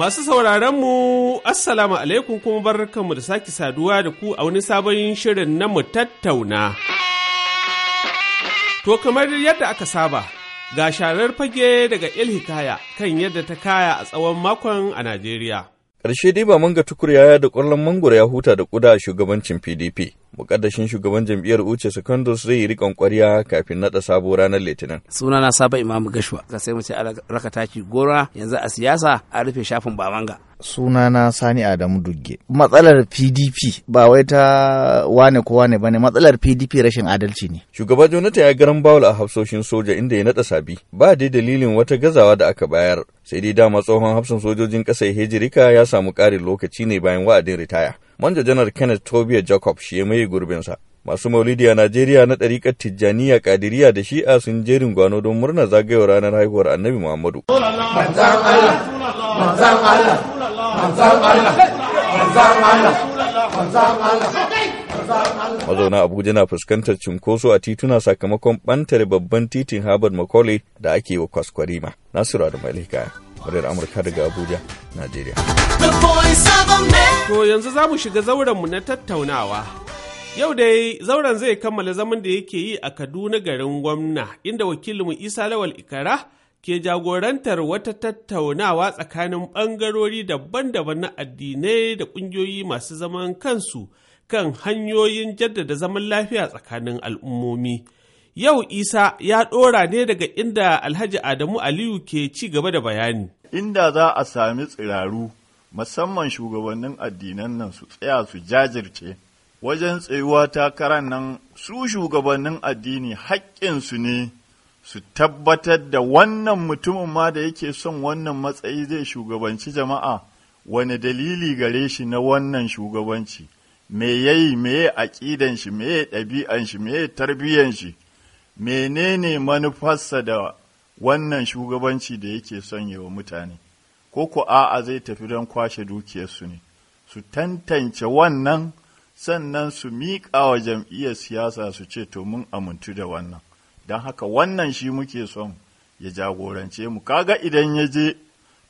Masu sauraron mu Assalamu alaikum kuma barkanmu da sake saduwa da ku a wani sabon shirin na mu tattauna. To kamar yadda aka saba, ga sharar fage daga Ilhikaya kan yadda ta kaya a tsawon makon a Najeriya. karshe dai ba manga tukur yaya da kwallon mangoro ya huta da ƙuda a shugabancin PDP. Mukaddashin shugaban jam'iyyar Uche Secondos zai yi riƙon ƙwarya kafin naɗa sabo ranar Litinin. suna na Saba Imamu Gashwa, ka sai mu ce raka taki gora yanzu a siyasa a rufe shafin ba manga. sunana sani adamu dugge matsalar pdp ba wai ta wane ko wane bane matsalar pdp rashin adalci ne shugaba jonathan ya garan bawul a hafsoshin soja inda ya nada sabi ba dai dalilin wata gazawa da aka bayar sai dai dama tsohon hafsan sojojin ƙasa hejirika ya samu ƙarin lokaci ne bayan wa'adin ritaya manja janar kenneth tobia jacob shi ya maye gurbinsa masu maulidi a Najeriya na ɗariƙar Tijjaniya Kadiriya da Shi'a sun jerin gwano don murnar zagayowar ranar haihuwar Annabi Muhammadu. Allah, mazauna abuja na fuskantar cunkoso a tituna sakamakon bantar babban titin harvard macaulay da ake wa kwaskwarima nasiru da kaya muryar amurka daga abuja najeriya to yanzu za mu shiga zaurenmu na tattaunawa Yau dai zauren zai kammala zaman da yake yi a Kaduna garin gwamna inda wakilinmu Isa Lawal Ikara ke jagorantar wata tattaunawa tsakanin ɓangarori daban-daban na addinai da ƙungiyoyi masu zaman kansu kan hanyoyin jaddada zaman lafiya tsakanin al'ummomi. Yau Isa ya ɗora ne daga inda Alhaji Adamu Aliyu ke ci gaba da bayani. Inda za a sami tsiraru, musamman shugabannin addinan nan su tsaya su jajirce, wajen tsayuwa takarar nan su shugabannin addini haƙƙinsu ne su tabbatar da wannan mutumin ma da yake son wannan matsayi zai shugabanci jama'a wani dalili gare shi na wannan shugabanci me yi meye aƙidan shi meye ɗabi'an shi meye tarbiyyan shi menene manufarsa da wannan shugabanci da yake son wa mutane ko ku a'a zai tafi don kwashe dukiyarsu ne su tantance wannan sannan su miƙa wa jam'iyyar siyasa su ce to mun amintu da wannan don haka wannan shi muke son ya jagorance mu kaga idan ya je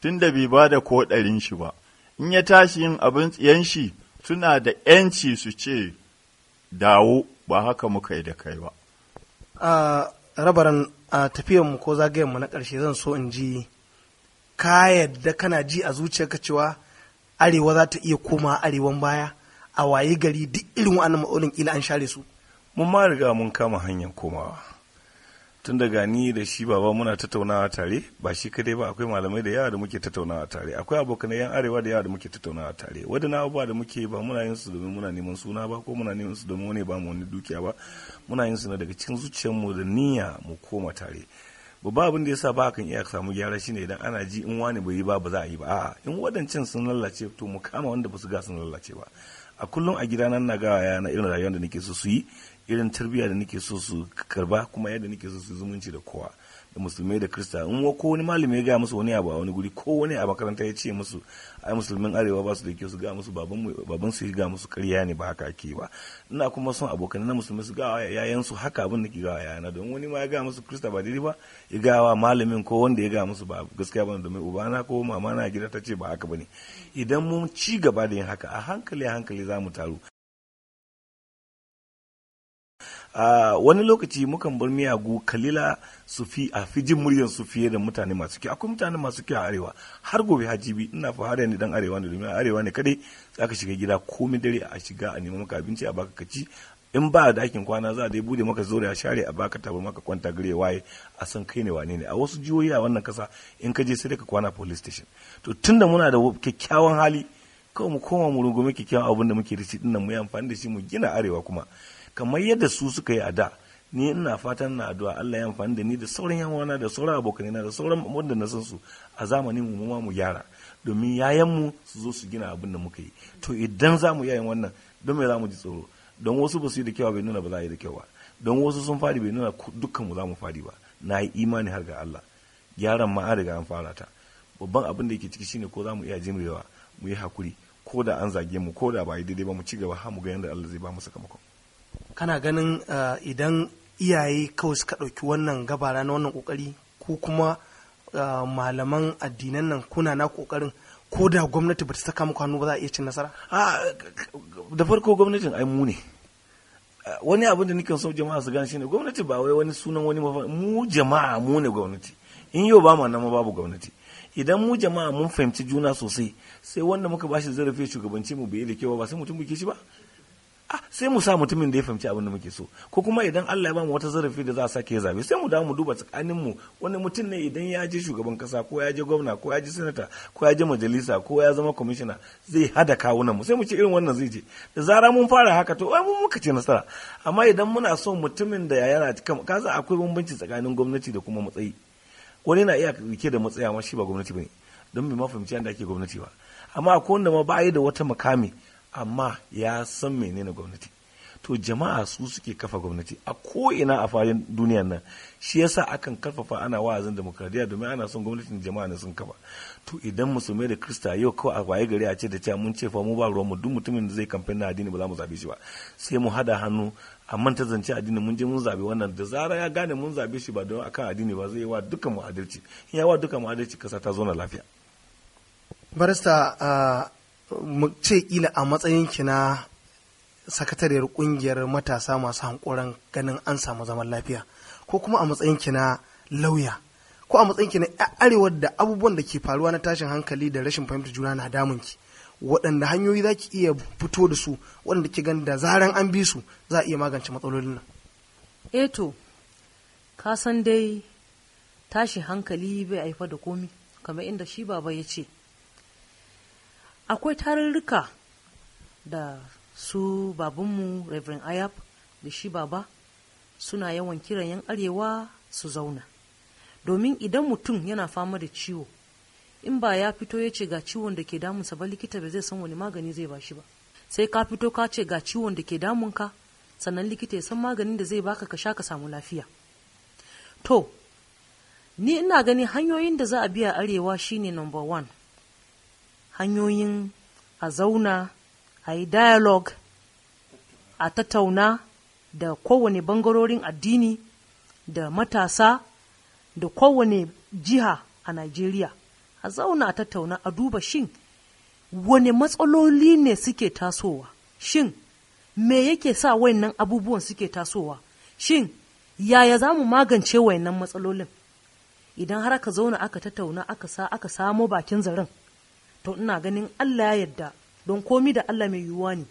tun da bai ba da koɗarin shi ba in ya tashi yin abin tsiyan shi suna da ‘yanci su ce dawo ba haka muka yi da kai ba. A rabaran a tafiyanmu ko zagayenmu na ƙarshe zan so in ji ka yadda kana ji a zuciyarka cewa arewa za ta iya koma arewan baya a waye gari duk irin wa'annan matsalolin kila an share su. Mun ma riga mun kama hanyar komawa. tun daga ni da shi baba muna tattaunawa tare ba shi kadai ba akwai malamai da yawa da muke tattaunawa tare akwai abokan yan arewa da yawa da muke tattaunawa tare wadana abubuwa da muke ba muna yin su domin muna neman suna ba ko muna neman su domin wani ba mu wani dukiya ba muna yin su ne daga cikin mu da niyya mu koma tare babba abin da yasa ba kan iya samu gyara ne idan ana ji in wani bai yi ba ba za a yi ba a'a in wadancan sun lalace to mu kama wanda ba su ga sun lalace ba a kullum a gidana na gawa yana irin rayuwar da nake so su yi irin tarbiyya da nake so su karba kuma yadda nake so su zumunci da kowa da musulmai da krista in ko wani malami ya gaya musu wani abu a wani guri ko wani a makaranta ya ce musu ai musulmin arewa ba su da kyau su gaya musu baban su ya gaya musu karya ne ba haka ake ba ina kuma son abokan na musulmi su gawa yayan su haka abin da ke gawa yayana don wani ma ya gaya musu krista ba daidai ba ya gawa malamin ko wanda ya gaya musu ba gaskiya ba domin ubana ko mama na gida ta ce ba haka ba ne idan mun ci gaba da yin haka a hankali a hankali za mu taru wani lokaci mukan bar miyagu kalila su fi a fi jin muryar su fiye da mutane masu kyau akwai mutane masu kyau a arewa har gobe hajibi ina fahara ne dan arewa ne domin arewa ne kadai zaka shiga gida komai dare a shiga a nemi maka abinci a baka kaci in ba dakin kwana za a dai bude maka zore a share a baka tabar maka kwanta gare waye a san kai ne wane ne a wasu jihohi a wannan kasa in ka je sai ka kwana police station to tunda muna da kyakkyawan hali kawai mu koma mu rungume kyakkyawan abin da muke da shi dinnan mu yi amfani da shi mu gina arewa kuma kamar yadda su suka yi a da ni ina fatan na addu'a Allah ya amfani da ni da sauran yawana da sauran na da sauran wanda na san su a zamanin mu ma mu gyara domin yayan mu su zo su gina abin da muka yi to idan za mu yayin wannan don me za mu ji tsoro don wasu ba su yi da kyau bai nuna ba za a yi da kyau ba don wasu sun fadi bai nuna dukkan mu za mu fadi ba na yi imani har ga Allah gyaran ma an riga an fara ta babban abin da yake ciki shine ko za mu iya jimrewa mu yi hakuri ko da an zage mu ko da ba yi daidai ba mu ci gaba har mu ga yadda Allah zai ba mu sakamakon kana ganin eh, idan iyaye kawai suka ɗauki wannan gabara na wannan ƙoƙari ko kuma eh, malaman addinan nan kuna na ƙoƙarin ko da gwamnati ba ta saka muku hannu ba za a iya cin nasara? da farko gwamnatin ai mu ne wani abin da nake so jama'a su gane shine gwamnati ba wai wani sunan wani mafa mu jama'a mu ne gwamnati in yau ba mu nan babu gwamnati idan mu jama'a mun fahimci juna sosai sai wanda muka bashi zarafi shugabanci mu bai da kewa ba sai mutum buke shi ba ah sai mu sa mutumin da ya fahimci abin da muke so ko kuma idan Allah ya bamu wata zarafi da za a sake zabe sai mu dawo mu duba tsakanin mu wani mutum ne idan ya je shugaban kasa ko ya je gwamna ko ya je sanata ko ya je majalisa ko ya zama kwamishina zai hada kawunan mu sai mu ce irin wannan zai je da zara mun fara haka to ai mun muka ce nasara amma idan muna son mutumin da yana cikin kasa akwai bambanci tsakanin gwamnati da kuma matsayi wani na iya rike da matsaya amma shi ba gwamnati bane don bai ma fahimci yadda ake gwamnati ba amma akwai wanda ma ba da wata makami amma ya san menene gwamnati to jama'a su suke kafa gwamnati a ko'ina a fayin duniya nan shi yasa akan karfafa ana wa'azin demokradiyya domin ana son gwamnatin jama'a ne sun kafa to idan musulmai da krista yau kawai a waye gari a ce da cewa mun ce fa mu ba ruwanmu duk mutumin da zai kamfen na addini ba za mu zabe shi ba sai mu hada hannu a manta zance addini mun je mun zabe wannan da zara ya gane mun zabe shi ba don akan addini ba zai yi wa dukkan mu adalci in ya wa dukkan mu adalci kasa ta zo na lafiya barista ah, mu ce kila a matsayin ki na sakatariyar kungiyar matasa masu hankoran ganin an samu zaman lafiya ko kuma a matsayin ki na lauya ko a matsayin ki na arewar da abubuwan da ke faruwa na tashin hankali da rashin fahimtar juna na damun ki waɗanda hanyoyi za ki iya fito da su waɗanda ki gan da zaran an bi su za a iya magance matsalolin nan Eto, eh ka san dai tashi hankali bai haifa da komi kamar inda shi baba ya ce akwai tarurruka da su babanmu reverend ayab da shi baba suna yawan kiran yan arewa su zauna domin idan mutum yana fama da ciwo in ba ya fito ya ce ga ciwon da ke damunsa ba likita ba zai san wani magani zai bashi ba sai ka fito ka ce ga ciwon da ke damunka sannan likita ya san maganin da zai baka ka sha ka samu lafiya to ni ina gani hanyoyin da za a biya arewa shine number one hanyoyin a zauna a yi dialog a tattauna da kowane bangarorin addini da matasa da kowane jiha a Najeriya a zauna a tattauna a duba shin wane matsaloli ne suke tasowa shin me yake sa wayannan abubuwan suke tasowa shin yaya za mu magance wayannan matsalolin idan har aka zauna aka tattauna aka sa aka samo bakin zaren to ina ganin Allah ya yadda don komi da Allah mai yiwuwa ne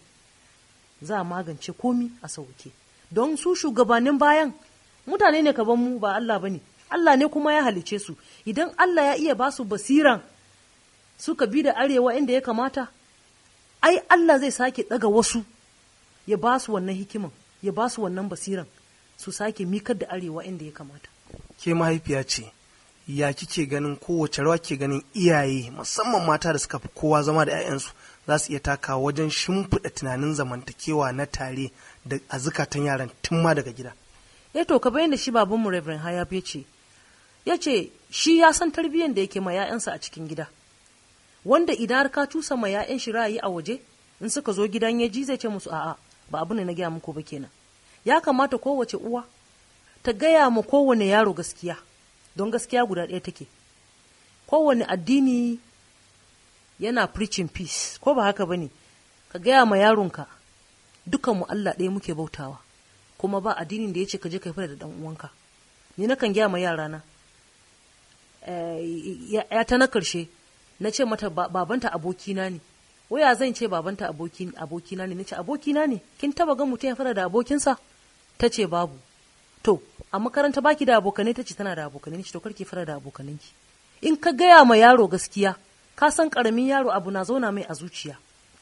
za a magance komi a sauke don su shugabannin bayan mutane ne kaban mu ba Allah bane Allah ne kuma ya halice su idan Allah ya iya basu basiran suka bi da arewa inda ya kamata ai Allah zai sake daga wasu ya ba wannan hikiman ya basu wannan basiran su sake mikar da arewa inda ya kamata ke mahaifiya ce ya kike ganin kowace rawa ke ganin iyaye musamman mata da suka fi kowa zama da 'ya'yansu za su iya taka wajen shimfiɗa tunanin zamantakewa na tare da a yaran tun ma daga gida. Ya eh to ka bayyana shi babanmu Reverend haya ya ce, ya ce shi ya san tarbiyyar da yake ma 'ya'yansa a cikin gida. Wanda idan har ka cusa ma 'ya'yan shi ra'ayi a waje in suka zo gidan ya ji zai ce musu a'a ba abu ne na gaya muku ba kenan. Ya kamata kowace uwa ta gaya ma kowane yaro gaskiya. don gaskiya guda ɗaya take kowane addini yana preaching peace ko ba haka ba ne? ka gaya ma yaronka dukan mu Allah ɗaya muke bautawa kuma ba addinin da ya ce ka je ka fara da ɗan uwanka ni na kan gaya ma yarana eh, ya ta na karshe na ce mata babanta abokina ne waya zan ce babanta abokina ne na ce abokina ne kin taba ga mutum ya fara da abokinsa ta ce babu to a makaranta baki da abokanai ta ce tana da abokanai ce to karki fara da abokanan ki in ka gaya ma yaro gaskiya ka san karamin yaro abu na zauna mai a zuciya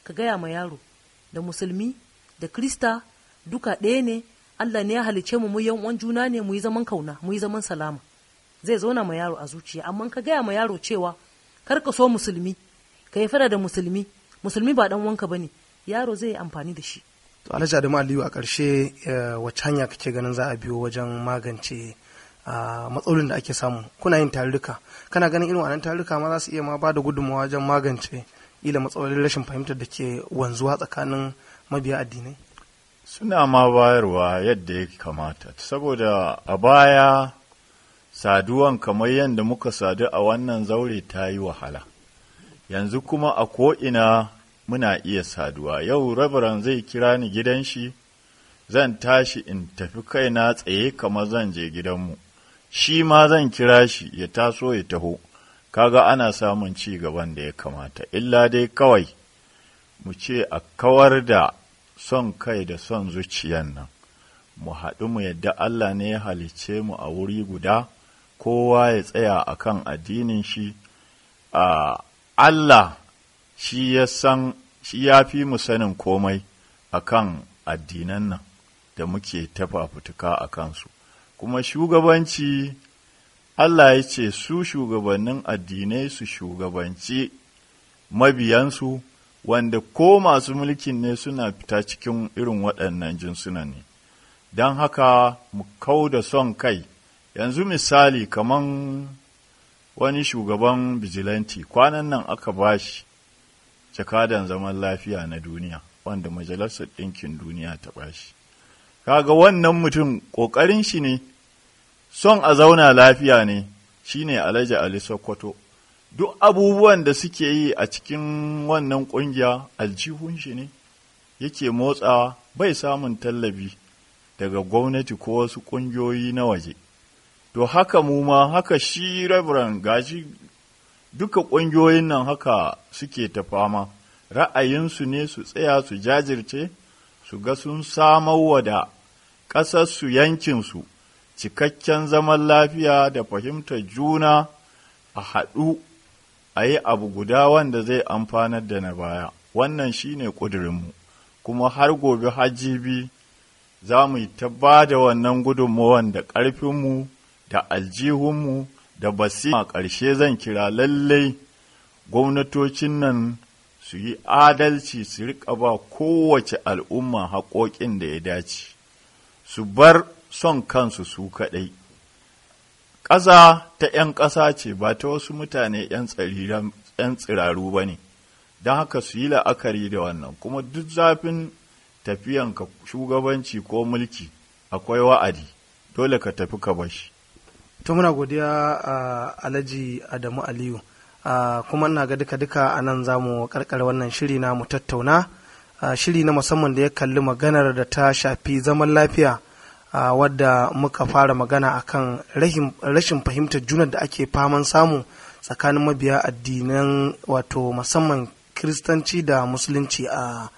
ka gaya ma yaro da musulmi da krista duka ɗaya ne allah ne ya halice mu mu yan uwan juna ne mu yi zaman kauna mu yi zaman salama zai zauna ma yaro a zuciya amma ka gaya ma yaro cewa kar ka so musulmi ka yi fara da musulmi musulmi ba dan wanka bane yaro zai yi amfani da shi to alhaji adamu aliyu a ƙarshe eh, wacce hanya kake ganin za a biyo wajen magance ah, matsalolin da ake samu kuna yin tarurruka kana ganin irin wannan tarurruka ma za su iya ma ba da gudunmawa wajen magance ila matsalolin rashin fahimtar da ke wanzuwa tsakanin mabiya addinai suna ma bayarwa yadda ya kamata saboda a baya saduwan kamar yadda muka sadu a wannan zaure ta yi wahala yanzu kuma a ko'ina muna iya saduwa yau rabaran zai kira ni gidan shi zan tashi in tafi kaina tsaye kamar zan je gidanmu shi ma zan kira shi ya taso ya taho kaga ana samun ci gaban da ya kamata illa dai kawai mu ce a kawar da son kai da son zuciyan nan mu haɗu mu yadda Allah ne ya halicce mu a wuri guda kowa ya tsaya akan addinin shi a Allah shi ya san shi ya fi mu sanin komai a kan addinan nan da muke tafafutuka a kansu kuma shugabanci Allah ya ce su shugabannin addinai su shugabanci mabiyansu wanda ko masu mulkin ne suna fita cikin irin waɗannan jinsuna ne don haka mu kau da son kai yanzu misali kaman wani shugaban bijilanti kwanan nan aka bashi jakadan zaman lafiya na duniya wanda majalisar ɗinkin duniya ta bashi kaga wannan mutum ƙoƙarin shi ne son a zauna lafiya ne shine alhaji ali sokoto duk abubuwan da suke yi a cikin wannan ƙungiya aljihun shi ne yake motsawa bai samun tallafi daga gwamnati ko wasu ƙungiyoyi na waje to haka mu ma haka shi Reverend gashi duka ƙungiyoyin nan haka suke ta fama ra'ayinsu ne su tsaya su jajirce su ga sun samar wa da ƙasarsu yankinsu cikakken zaman lafiya da fahimtar juna a haɗu a yi abu guda wanda zai amfanar da na baya wannan shine ƙudurinmu kuma har gobe hajjibi za mu yi ta ba da wannan gudunmawan da ƙarfinmu da aljihunmu da basi a ƙarshe zan kira lallai gwamnatocin nan su yi adalci su riƙa ba kowace al'umma haƙoƙin da ya dace, su bar son kansu su kaɗai. Ƙasa ta ‘yan ƙasa ce ba ta wasu mutane ‘yan tsiraru ba ne, don haka su yi la'akari da wannan, kuma duk zafin tafiyanka shugabanci ko mulki akwai wa'adi, dole ka tafi ka bashi. to muna godiya a alhaji adamu aliyu kuma ina ga duka-duka a nan za mu karkar wannan shiri na mu tattauna shiri na musamman da ya kalli maganar da ta shafi zaman lafiya wadda muka fara magana a kan rashin fahimtar juna da ake faman samu tsakanin mabiya addinan wato musamman kiristanci da musulunci a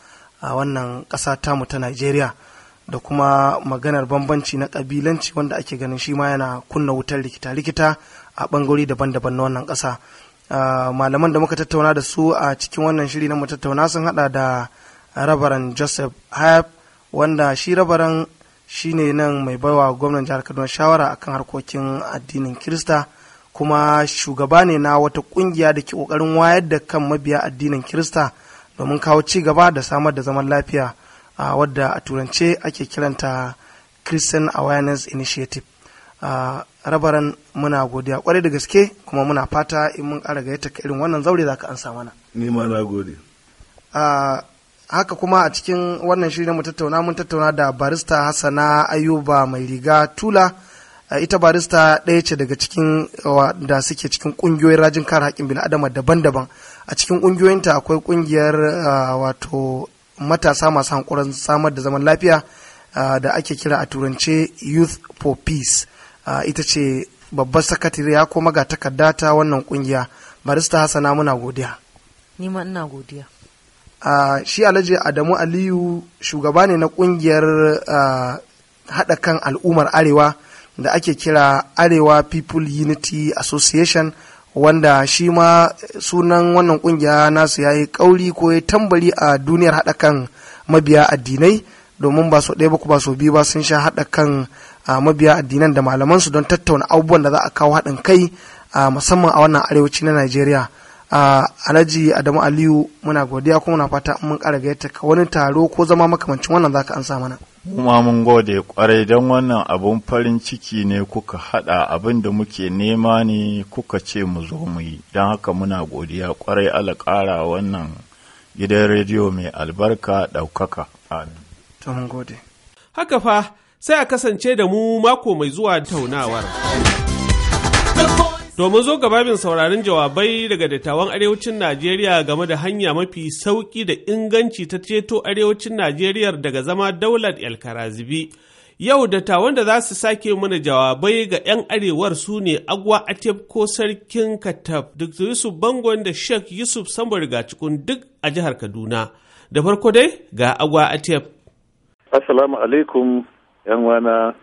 wannan ƙasa tamu ta najeriya da kuma maganar bambanci na kabilanci wanda ake ganin shi ma yana kunna wutar likita-likita a ɓangare daban-daban na wannan ƙasa ah, malaman da muka tattauna da su a cikin wannan shiri na tattauna sun hada da rabaran joseph hayab wanda shi rabaran shi ne nan mai baiwa gwamnan jihar kaduna shawara akan harkokin addinin kirista kuma shugaba ne na wata kungiya da ke kokarin wayar da kan mabiya addinin kirista domin kawo ci gaba da samar da zaman lafiya uh, wadda a turance ake kiranta christian awareness initiative uh, rabaran muna godiya kwarai da gaske kuma muna fata in mun kara gayyata ka irin wannan zaure za ka ansa mana ni ma na gode uh, haka kuma a cikin wannan shirin mu tattauna mun tattauna da barista hasana ayuba mai riga tula ita barista ɗaya ce daga cikin da suke cikin ƙungiyoyin rajin kare haƙƙin bil'adama daban-daban a cikin kungiyoyinta akwai ƙungiyar wato matasa masu hankulan samar da zaman lafiya ah, da ake kira a turance youth for peace ah, ita ce babbar sakatariya ga takarda ta wannan kungiya barista hasana muna godiya ni ma ina godiya ah, shi alhaji adamu aliyu shugaba ne na kungiyar haɗa kan al'ummar arewa da ake kira arewa people unity association wanda shi ma sunan wannan kungiya nasu ya yi kauri ko ya tambari a duniyar haɗa kan mabiya addinai domin ba su ɗaya ba ba su biyu ba sun sha haɗa kan mabiya addinan da malamansu don tattauna abubuwan da za a kawo haɗin kai a musamman a wannan arewaci na najeriya alhaji adamu aliyu muna godiya kuma muna fata mun ƙara gayyata ka wani taro ko zama makamancin wannan za ka an sa mana Kuma mun gode kwarai don wannan abun farin ciki ne kuka haɗa abin da muke nema ne kuka ce mu zo mu yi, don haka muna godiya kwarai ala wannan gidan rediyo mai albarka ɗaukaka. gode. Haka fa sai a kasance da mu mako mai zuwa taunawar. Domin zo gababin sauraron jawabai daga dattawan arewacin Najeriya game da hanya mafi sauƙi da inganci ta ceto arewacin Najeriya daga zama daular El Karazibi. Yau dattawan da za su sake mana jawabai ga 'yan arewar su ne Agwa Atef ko Sarkin Katab, Dr. Yusuf Bangon da Sheikh Yusuf Sambar cikin duk a jihar Kaduna. Da farko dai ga Agwa Atef. Assalamu alaikum 'yan wana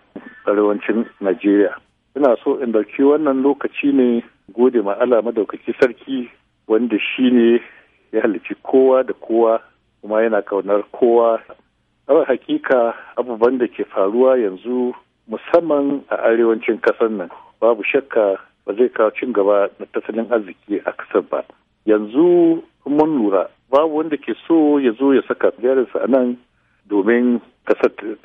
arewacin Najeriya. ina so in dauki wannan lokaci ne gode ma Allah madaukaki sarki wanda shi ne ya halici kowa da kowa kuma yana kaunar kowa a hakika abubuwan da ke faruwa yanzu musamman a arewacin kasar nan babu shakka ba zai kawo cin gaba na tattalin arziki a kasar ba yanzu mun lura babu wanda ke so ya zo ya saka jarinsa a nan domin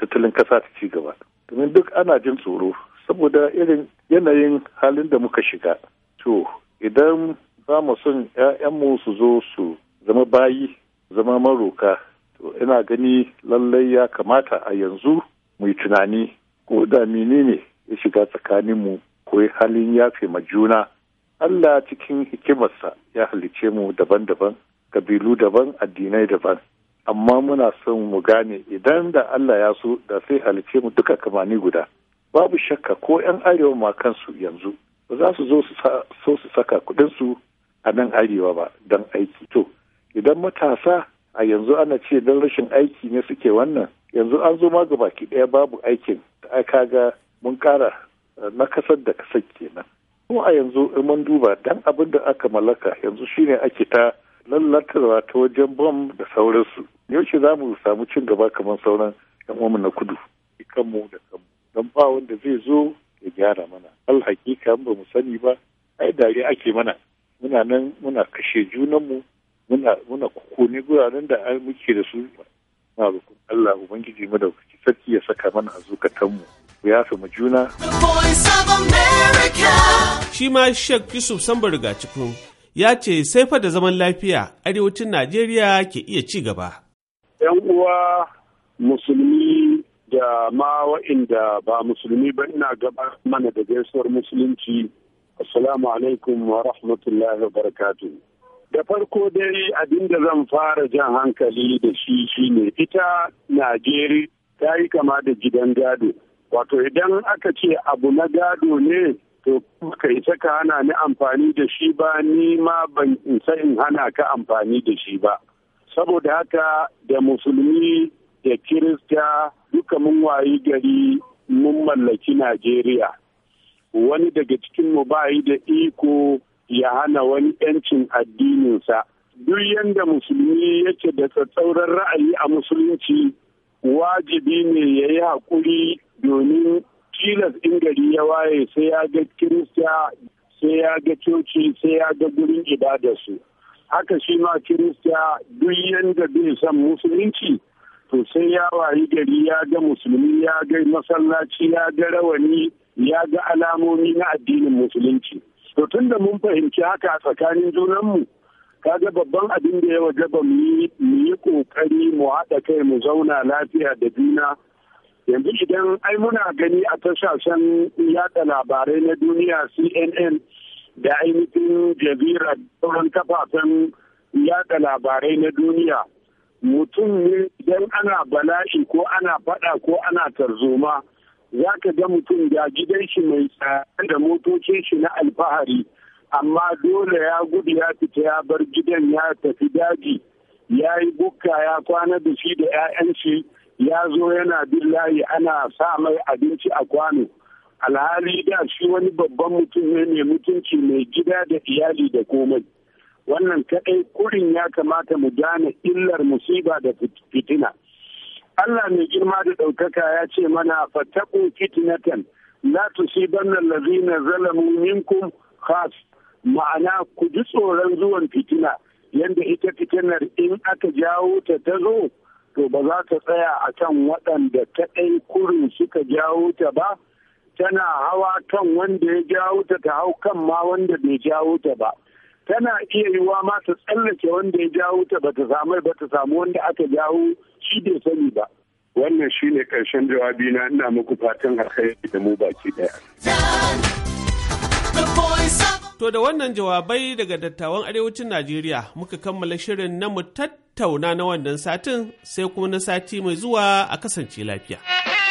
tattalin kasa ta ci gaba domin duk ana jin tsoro saboda irin yanayin halin da muka shiga to idan za mu son 'ya'yanmu su zo su zama bayi zama maroka to ina gani lallai ya kamata a yanzu mu yi tunani ko da menene ya shiga tsakaninmu ko halin yafe ma juna Allah cikin hikimarsa ya halice mu daban-daban kabilu daban addinai daban amma muna son mu gane idan da Allah ya so da sai halice mu duka kamani guda babu shakka ko 'yan arewa ma kansu yanzu ba za su zo su saka kudinsu a nan arewa ba don aiki to idan matasa a yanzu ana ce don rashin aiki ne suke wannan yanzu an zo ma baki ɗaya babu aikin da ga mun kara eh, na kasar da kasar kenan Ko a yanzu in mun duba dan abin da aka mallaka yanzu shine ake ta lallatarwa ta wajen bom da sauransu yaushe za mu samu cin gaba kamar sauran yan na kudu kanmu da kanmu don ba wanda zai zo ya gyara mana al hakika ba mu sani ba ai dare ake mana muna nan muna kashe junanmu muna muna kokone guraren da muke da su na roƙon Allah ubangiji madaukaki sarki ya saka mana a zukatanmu ku yafe mu juna shi ma San Yusuf Sambarga cikin ya ce sai fa da zaman lafiya arewacin Najeriya ke iya ci gaba yan uwa musulmi da ma wa'inda ba musulmi ba ina gaba mana da gaisuwar musulunci assalamu alaikum wa rahmatullahi wa barakatu da farko dai abinda zan fara jan hankali da shi shine ita najeriya ta yi kama da gidan gado wato idan aka ce abu na gado ne to ka isa ka hana ni amfani da shi ba ni ma ban isa in hana ka amfani da shi ba saboda haka da musulmi da kirista duka mun wayi gari mun mallaki Najeriya. Wani daga cikinmu ba yi da iko ya hana wani 'yancin addininsa. Duk yadda musulmi yake da tsatsauran ra'ayi a musulunci wajibi ne ya yi haƙuri domin tilas in gari ya waye sai ya ga kirista sai ya ga coci sai ya ga gurin ibadarsu. Haka shi ma kirista duk yadda bai son musulunci. Sosai ya wayi gari ya ga musulmi ya ga masallaci ya ga rawani ya ga alamomi na addinin musulunci to tun da mun fahimci haka a tsakanin junanmu kaga babban abin da ya wajaba mu yi kokari mu haɗa kai mu zauna lafiya da juna yanzu idan ai muna gani a tashashen yada labarai na duniya cnn da ainihin da sauran kafafen yada labarai na duniya mutum ne don ana bala'i ko ana fada ko ana tarzoma za ka ga mutum ga gidan shi mai tsada da motocin shi na alfahari amma dole ya gudu ya fita ya bar gidan ya tafi daji ya yi bukka ya kwana da shi da 'ya'yan shi ya zo yana bin layi ana sa mai abinci a kwano alhali da shi wani babban mutum ne mai mutunci mai gida da iyali da komai wannan kaɗai kurin ya kamata mu gane illar musiba da fitina Allah mai girma da ɗaukaka ya ce mana fataku 'Ban la tusibanna allazina zalamu minkum khas ma'ana ku ji tsoron zuwan fitina yadda ita fitinar in aka jawo ta ta zo to ba za ta tsaya a kan waɗanda kaɗai kurin suka jawo ta ba tana hawa kan wanda ya jawo ta ta hau kan ma wanda bai jawo ta ba tana iya yiwa ma ta tsallake wanda ya jawo ta ba ta samu ba ta samu wanda aka jawo shi bai sani ba wannan shi ne ƙarshen jawabi na ina muku fatan alkhairi da mu baki ɗaya. To da wannan jawabai daga dattawan arewacin Najeriya muka kammala shirin na mu tattauna na wannan satin sai kuma na sati mai zuwa a kasance lafiya.